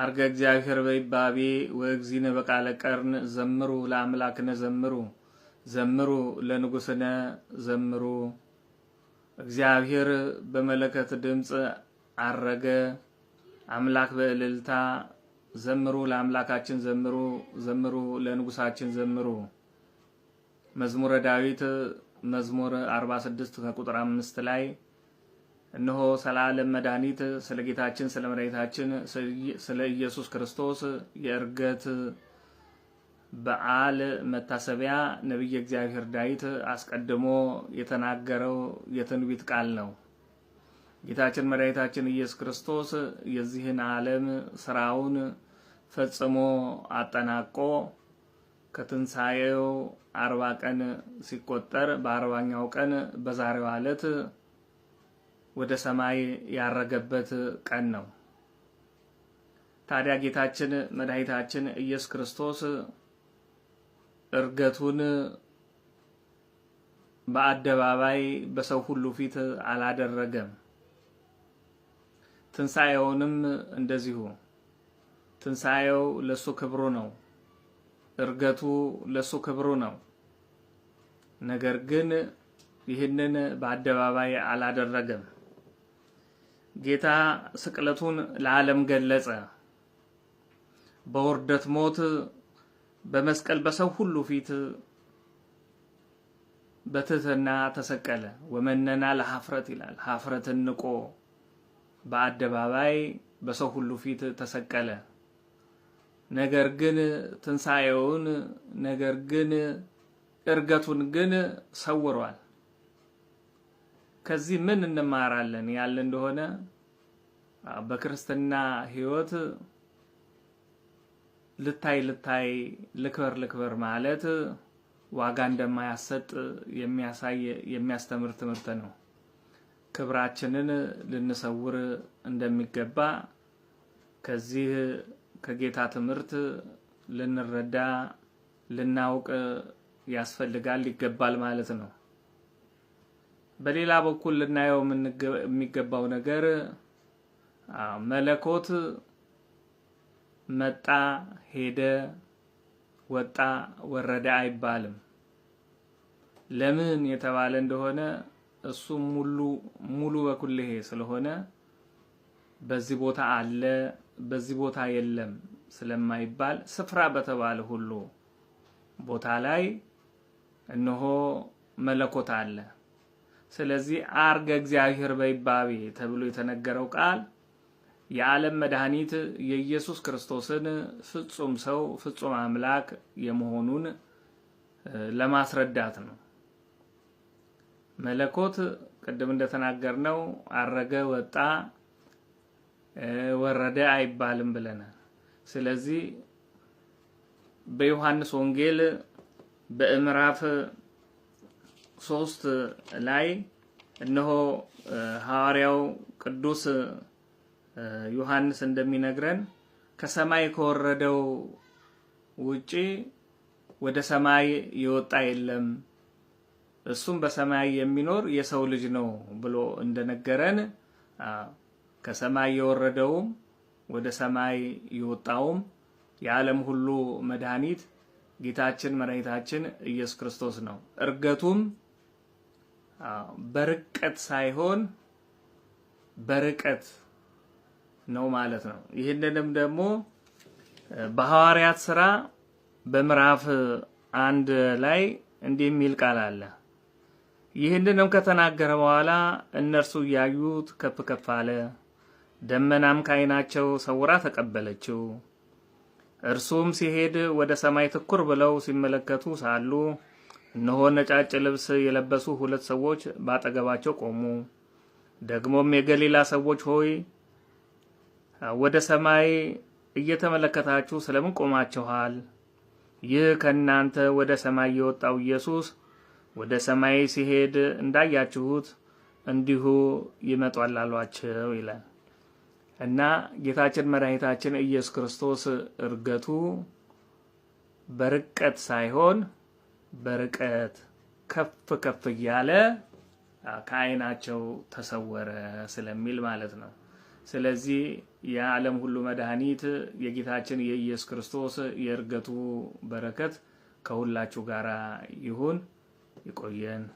አርገ እግዚአብሔር በይባቤ ወእግዚነ በቃለ ቀርን ዘምሩ ለአምላክነ ዘምሩ ዘምሩ ለንጉሥነ ዘምሩ። እግዚአብሔር በመለከት ድምፅ አረገ አምላክ በእልልታ ዘምሩ ለአምላካችን ዘምሩ ዘምሩ ለንጉሳችን ዘምሩ። መዝሙረ ዳዊት መዝሙር 46 ከቁጥር 5 ላይ እነሆ ስለ ዓለም መድኃኒት ስለ ጌታችን ስለ መድኃኒታችን ስለ ኢየሱስ ክርስቶስ የእርገት በዓል መታሰቢያ ነቢየ እግዚአብሔር ዳዊት አስቀድሞ የተናገረው የትንቢት ቃል ነው። ጌታችን መድኃኒታችን ኢየሱስ ክርስቶስ የዚህን ዓለም ስራውን ፈጽሞ አጠናቆ ከትንሣኤው አርባ ቀን ሲቆጠር በአርባኛው ቀን በዛሬው ዕለት ወደ ሰማይ ያረገበት ቀን ነው። ታዲያ ጌታችን መድኃኒታችን ኢየሱስ ክርስቶስ እርገቱን በአደባባይ በሰው ሁሉ ፊት አላደረገም። ትንሣኤውንም እንደዚሁ ትንሣኤው ለሱ ክብሩ ነው። እርገቱ ለሱ ክብሩ ነው። ነገር ግን ይህንን በአደባባይ አላደረገም። ጌታ ስቅለቱን ለዓለም ገለጸ። በውርደት ሞት በመስቀል በሰው ሁሉ ፊት በትህትና ተሰቀለ። ወመነና ለሀፍረት ይላል። ሀፍረትን ንቆ በአደባባይ በሰው ሁሉ ፊት ተሰቀለ። ነገር ግን ትንሣኤውን ነገር ግን እርገቱን ግን ሰውሯል። ከዚህ ምን እንማራለን ያለ እንደሆነ በክርስትና ህይወት ልታይ ልታይ ልክበር ልክበር ማለት ዋጋ እንደማያሰጥ የሚያሳይ የሚያስተምር ትምህርት ነው። ክብራችንን ልንሰውር እንደሚገባ ከዚህ ከጌታ ትምህርት ልንረዳ ልናውቅ ያስፈልጋል ይገባል ማለት ነው። በሌላ በኩል ልናየው የሚገባው ነገር መለኮት መጣ፣ ሄደ፣ ወጣ፣ ወረደ አይባልም። ለምን የተባለ እንደሆነ እሱም ሙሉ ሙሉ በኩልሄ ስለሆነ በዚህ ቦታ አለ፣ በዚህ ቦታ የለም ስለማይባል ስፍራ በተባለ ሁሉ ቦታ ላይ እነሆ መለኮት አለ። ስለዚህ አርገ እግዚአብሔር በይባቤ ተብሎ የተነገረው ቃል የዓለም መድኃኒት የኢየሱስ ክርስቶስን ፍጹም ሰው ፍጹም አምላክ የመሆኑን ለማስረዳት ነው። መለኮት ቅድም እንደተናገርነው አረገ፣ ወጣ፣ ወረደ አይባልም ብለናል። ስለዚህ በዮሐንስ ወንጌል በምዕራፍ ሶስት ላይ እነሆ ሐዋርያው ቅዱስ ዮሐንስ እንደሚነግረን ከሰማይ ከወረደው ውጪ ወደ ሰማይ የወጣ የለም፣ እሱም በሰማይ የሚኖር የሰው ልጅ ነው ብሎ እንደነገረን ከሰማይ የወረደውም ወደ ሰማይ የወጣውም የዓለም ሁሉ መድኃኒት ጌታችን መድኃኒታችን ኢየሱስ ክርስቶስ ነው። እርገቱም በርቀት ሳይሆን በርቀት ነው ማለት ነው። ይህንንም ደግሞ በሐዋርያት ሥራ በምዕራፍ አንድ ላይ እንዲህ የሚል ቃል አለ። ይህንንም ከተናገረ በኋላ እነርሱ እያዩት ከፍ ከፍ አለ፣ ደመናም ከዓይናቸው ሰውራ ተቀበለችው። እርሱም ሲሄድ ወደ ሰማይ ትኩር ብለው ሲመለከቱ ሳሉ እነሆ ነጫጭ ልብስ የለበሱ ሁለት ሰዎች ባጠገባቸው ቆሙ። ደግሞም የገሊላ ሰዎች ሆይ ወደ ሰማይ እየተመለከታችሁ ስለምን ቆማችኋል? ይህ ከእናንተ ወደ ሰማይ የወጣው ኢየሱስ ወደ ሰማይ ሲሄድ እንዳያችሁት እንዲሁ ይመጧል አሏቸው ይላል እና ጌታችን መድኃኒታችን ኢየሱስ ክርስቶስ እርገቱ በርቀት ሳይሆን በርቀት ከፍ ከፍ እያለ ከአይናቸው ተሰወረ ስለሚል ማለት ነው። ስለዚህ የዓለም ሁሉ መድኃኒት የጌታችን የኢየሱስ ክርስቶስ የእርገቱ በረከት ከሁላችሁ ጋር ይሁን። ይቆየን።